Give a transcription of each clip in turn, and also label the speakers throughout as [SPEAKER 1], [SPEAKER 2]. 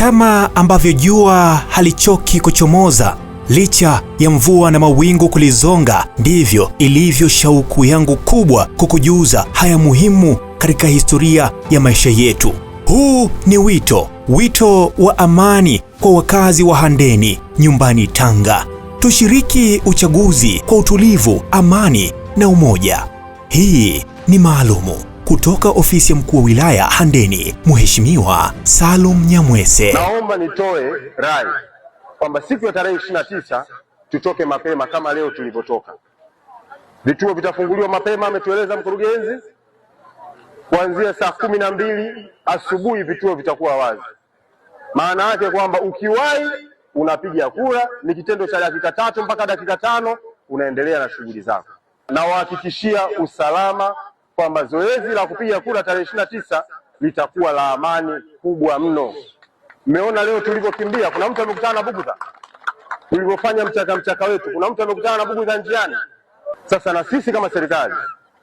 [SPEAKER 1] Kama ambavyo jua halichoki kuchomoza licha ya mvua na mawingu kulizonga, ndivyo ilivyo shauku yangu kubwa kukujuza haya muhimu katika historia ya maisha yetu. Huu ni wito, wito wa amani kwa wakazi wa Handeni nyumbani Tanga. Tushiriki uchaguzi kwa utulivu, amani na umoja. Hii ni maalumu kutoka ofisi ya mkuu wa wilaya Handeni, Mheshimiwa Salum Nyamwese. Naomba nitoe rai kwamba siku ya tarehe 29 tutoke mapema kama leo tulivyotoka. Vituo vitafunguliwa mapema, ametueleza mkurugenzi, kuanzia saa kumi na mbili asubuhi vituo vitakuwa wazi. Maana yake kwamba ukiwahi unapiga kura, ni kitendo cha dakika tatu mpaka dakika tano unaendelea na shughuli zako. Nawahakikishia usalama kwamba zoezi la kupiga kura tarehe ishirini na tisa litakuwa la amani kubwa mno. Mmeona leo tulivyokimbia, kuna mtu amekutana na bugudha? Tulivyofanya mchaka mchaka wetu, kuna mtu amekutana na bugudha njiani? Sasa na sisi kama serikali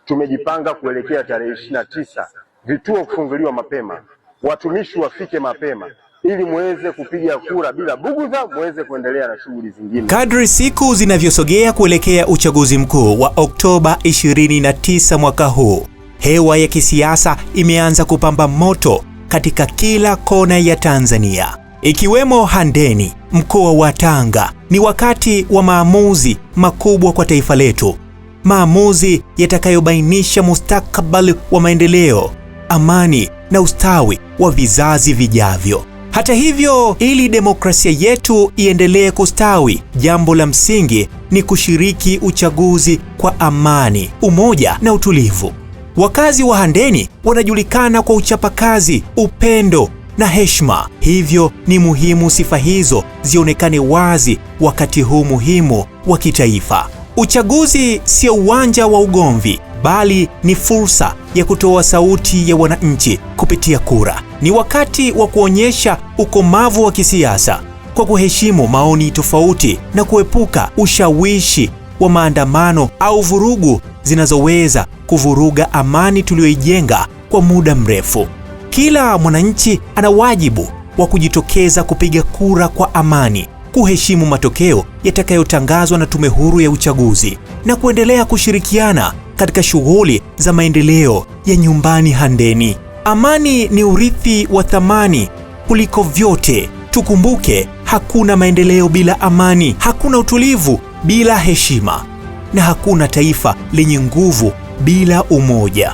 [SPEAKER 1] tumejipanga kuelekea tarehe ishirini na tisa, vituo kufunguliwa mapema, watumishi wafike mapema ili muweze kupiga kura bila bugudha, muweze kuendelea na shughuli zingine.
[SPEAKER 2] Kadri siku zinavyosogea kuelekea uchaguzi mkuu wa Oktoba 29 mwaka huu, hewa ya kisiasa imeanza kupamba moto katika kila kona ya Tanzania ikiwemo Handeni, mkoa wa Tanga. Ni wakati wa maamuzi makubwa kwa taifa letu, maamuzi yatakayobainisha mustakabali wa maendeleo, amani na ustawi wa vizazi vijavyo. Hata hivyo, ili demokrasia yetu iendelee kustawi, jambo la msingi ni kushiriki uchaguzi kwa amani, umoja na utulivu. Wakazi wa Handeni wanajulikana kwa uchapakazi, upendo na heshima. Hivyo ni muhimu sifa hizo zionekane wazi wakati huu muhimu wa kitaifa. Uchaguzi sio uwanja wa ugomvi, bali ni fursa ya kutoa sauti ya wananchi kupitia kura. Ni wakati wa kuonyesha ukomavu wa kisiasa kwa kuheshimu maoni tofauti na kuepuka ushawishi wa maandamano au vurugu zinazoweza kuvuruga amani tuliyoijenga kwa muda mrefu. Kila mwananchi ana wajibu wa kujitokeza kupiga kura kwa amani, kuheshimu matokeo yatakayotangazwa na Tume Huru ya Uchaguzi na kuendelea kushirikiana katika shughuli za maendeleo ya nyumbani Handeni. Amani ni urithi wa thamani kuliko vyote. Tukumbuke, hakuna maendeleo bila amani, hakuna utulivu bila heshima, na hakuna taifa lenye nguvu bila umoja.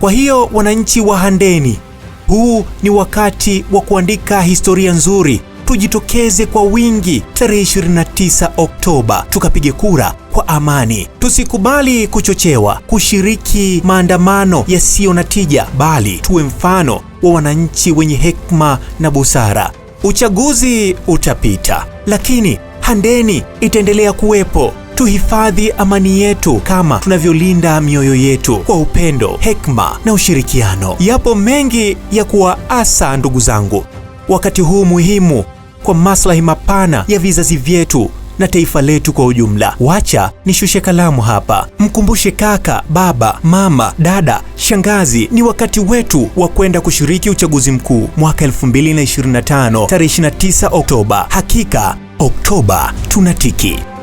[SPEAKER 2] Kwa hiyo, wananchi wa Handeni, huu ni wakati wa kuandika historia nzuri. Tujitokeze kwa wingi tarehe 29 Oktoba tukapige kura kwa amani. Tusikubali kuchochewa kushiriki maandamano yasiyo na tija, bali tuwe mfano wa wananchi wenye hekima na busara. Uchaguzi utapita, lakini Handeni itaendelea kuwepo. Tuhifadhi amani yetu kama tunavyolinda mioyo yetu kwa upendo, hekima na ushirikiano. Yapo mengi ya kuwaasa ndugu zangu, wakati huu muhimu kwa maslahi mapana ya vizazi vyetu na taifa letu kwa ujumla. Wacha nishushe kalamu hapa, mkumbushe kaka, baba, mama, dada, shangazi, ni wakati wetu wa kwenda kushiriki uchaguzi mkuu mwaka 2025 tarehe 29 Oktoba. Hakika Oktoba tunatiki.